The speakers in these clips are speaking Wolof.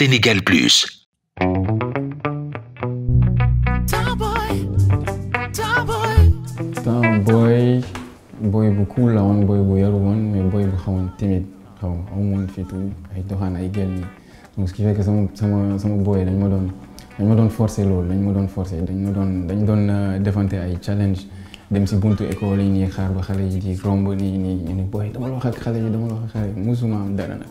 Sénégal Plus. boy booy booy bu cool la woon booy bu yaru woon mais booy bu xawoon timide xaw amoon fitu ay doxaan ay gel nii donc ce qui fait que sama sama sama booy dañ ma doon dañ ma doon forcer loolu dañ ma doon forcer dañ ma doon dañ doon euh, defante ay challenge dem si buntu école yi nii xaar ba xale yi di romb nii nii ñu ni boy dama la wax ak xale yi dama la wax ak xale yi musuma am dara nag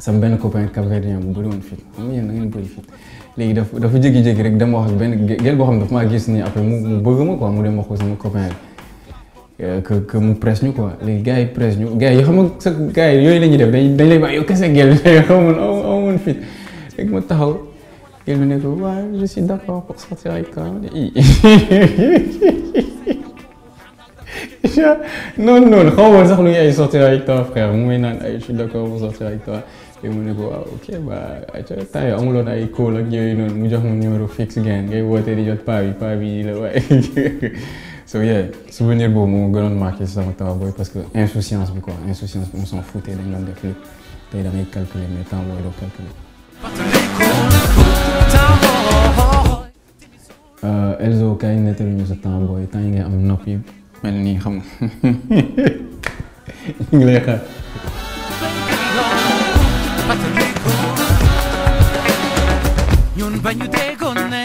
sama benn copain ak gardien bu bëri woon fii moom yéen da ngeen bëri fii léegi dah, dafa jékki-jékki rek dem benda gel boo xam ne daf maa gis nii après mu mu bëgg ma quoi mu dem wax ko sama copain rek que que mu presse ñu quoi léegi gars yi presse ñu gars yi xam nga sa gars yi yooyu la ñuy def dañ gel bi xamul xamul fit rek ma taxaw gel bi nekk waa je suis d' accord pour sortir avec toi non, non, ma lu ñuy sortir avec toi frère je suis d'accord pour sortir avec toi et dit ok bah on a ay call ak mu numéro fixe gain ngay di jot bi bi so yeah souvenir boobu moo marqué parce que insouciance quoi insouciance on s'en foutait da calculer mais on a calculer. Euh, Elzo ไม่ป็้นี้ครับเลยครับ bagno de gonne